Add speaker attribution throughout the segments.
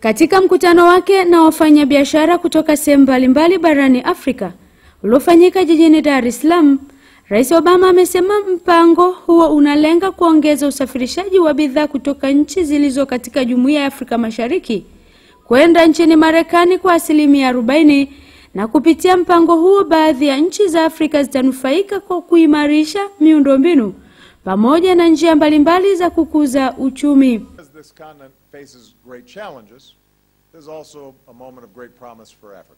Speaker 1: Katika mkutano wake na wafanyabiashara kutoka sehemu mbalimbali barani Afrika uliofanyika jijini Dar es Salaam, Rais Obama amesema mpango huo unalenga kuongeza usafirishaji wa bidhaa kutoka nchi zilizo katika Jumuiya ya Afrika Mashariki kwenda nchini Marekani kwa asilimia 40 na kupitia mpango huo baadhi ya nchi za Afrika zitanufaika kwa kuimarisha miundombinu pamoja na njia mbalimbali za kukuza uchumi.
Speaker 2: faces great challenges, there's also a moment of great promise for Africa.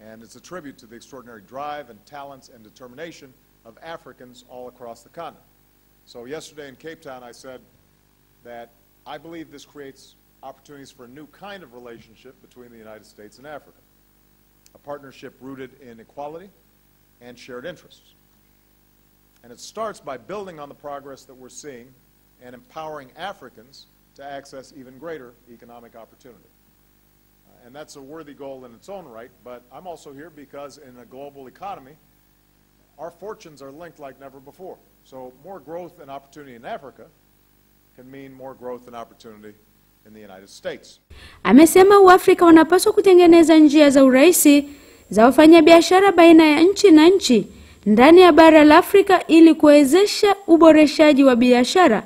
Speaker 2: And it's a tribute to the extraordinary drive and talents and determination of Africans all across the continent. So yesterday in Cape Town, I said that I believe this creates opportunities for a new kind of relationship between the United States and Africa, a partnership rooted in equality and shared interests. And it starts by building on the progress that we're seeing and empowering Africans to access even greater economic opportunity. Uh, and that's a worthy goal in its own right, but I'm also here because in a global economy, our fortunes are linked like never before. So more growth and opportunity in Africa can mean more growth and opportunity in the United States.
Speaker 1: Amesema Waafrika wanapaswa kutengeneza njia za urahisi za wafanyabiashara baina ya nchi na nchi ndani ya bara la Afrika ili kuwezesha uboreshaji wa biashara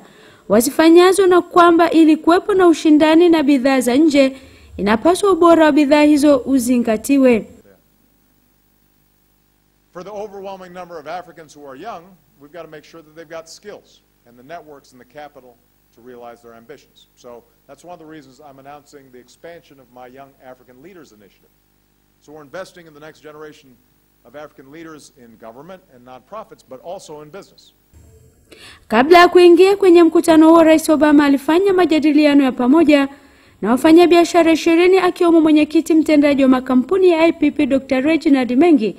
Speaker 1: wazifanyazo, na kwamba ili kuwepo na ushindani na bidhaa za nje inapaswa ubora wa bidhaa hizo uzingatiwe.
Speaker 2: For the overwhelming number of Africans who are young, we've got to make sure that they've got skills and the networks and the capital to realize their ambitions. So that's one of the reasons I'm announcing the expansion of my Young African Leaders Initiative. So we're investing in the next generation of African leaders in government and nonprofits, but also in business.
Speaker 1: Kabla ya kuingia kwenye mkutano huo, Rais Obama alifanya majadiliano ya pamoja na wafanyabiashara ishirini akiwemo mwenyekiti mtendaji wa makampuni ya IPP Dr. Reginald Mengi,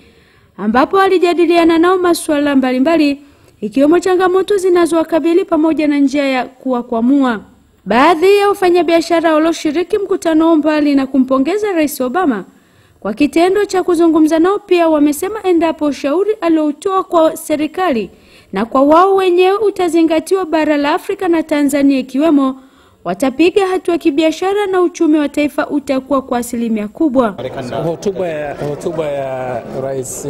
Speaker 1: ambapo alijadiliana nao masuala mbalimbali ikiwemo changamoto zinazowakabili pamoja na njia ya kuwakwamua. Baadhi ya wafanyabiashara walioshiriki mkutano mbali na kumpongeza Rais Obama kwa kitendo cha kuzungumza nao, pia wamesema endapo ushauri aliotoa kwa serikali na kwa wao wenyewe utazingatiwa bara la Afrika na Tanzania ikiwemo, watapiga hatua kibiashara na uchumi wa taifa utakuwa kwa asilimia kubwa.
Speaker 3: Hotuba ya, hotuba ya Rais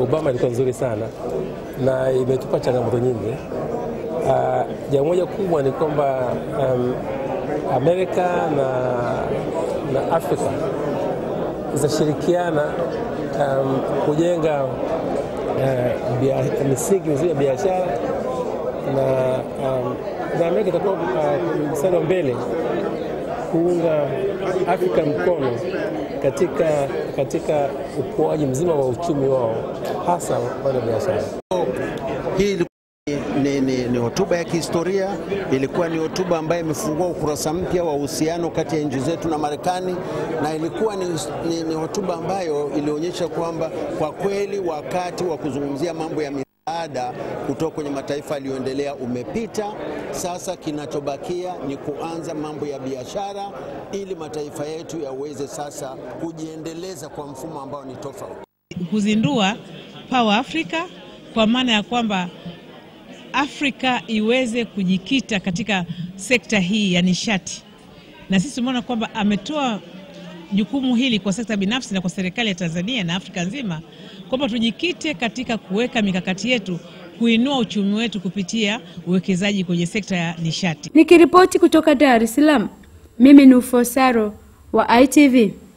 Speaker 3: Obama ilikuwa nzuri sana na imetupa changamoto nyingi. Ah, jambo moja kubwa ni kwamba um, Amerika na, na Afrika zitashirikiana um, kujenga misingi mizuri ya biashara na um, Amerika itakuwa uh, mstari wa mbele kuunga Afrika mkono katika, katika ukuaji mzima wa uchumi wao hasa wale biashara
Speaker 4: hii ni, ni, ni hotuba ya kihistoria. Ilikuwa ni hotuba ambayo imefungua ukurasa mpya wa uhusiano kati ya nchi zetu na Marekani, na ilikuwa ni, ni, ni hotuba ambayo ilionyesha kwamba kwa kweli wakati wa kuzungumzia mambo ya misaada kutoka kwenye mataifa yaliyoendelea umepita. Sasa kinachobakia ni kuanza mambo ya biashara, ili mataifa yetu yaweze sasa kujiendeleza kwa mfumo ambao ni tofauti,
Speaker 5: kuzindua Power Africa kwa maana ya kwamba Afrika iweze kujikita katika sekta hii ya nishati, na sisi tumeona kwamba ametoa jukumu hili kwa sekta binafsi na kwa serikali ya Tanzania na Afrika nzima kwamba tujikite katika kuweka mikakati yetu kuinua uchumi wetu kupitia uwekezaji kwenye sekta ya nishati.
Speaker 1: Nikiripoti kutoka Dar es Salaam, mimi ni Ufosaro wa ITV.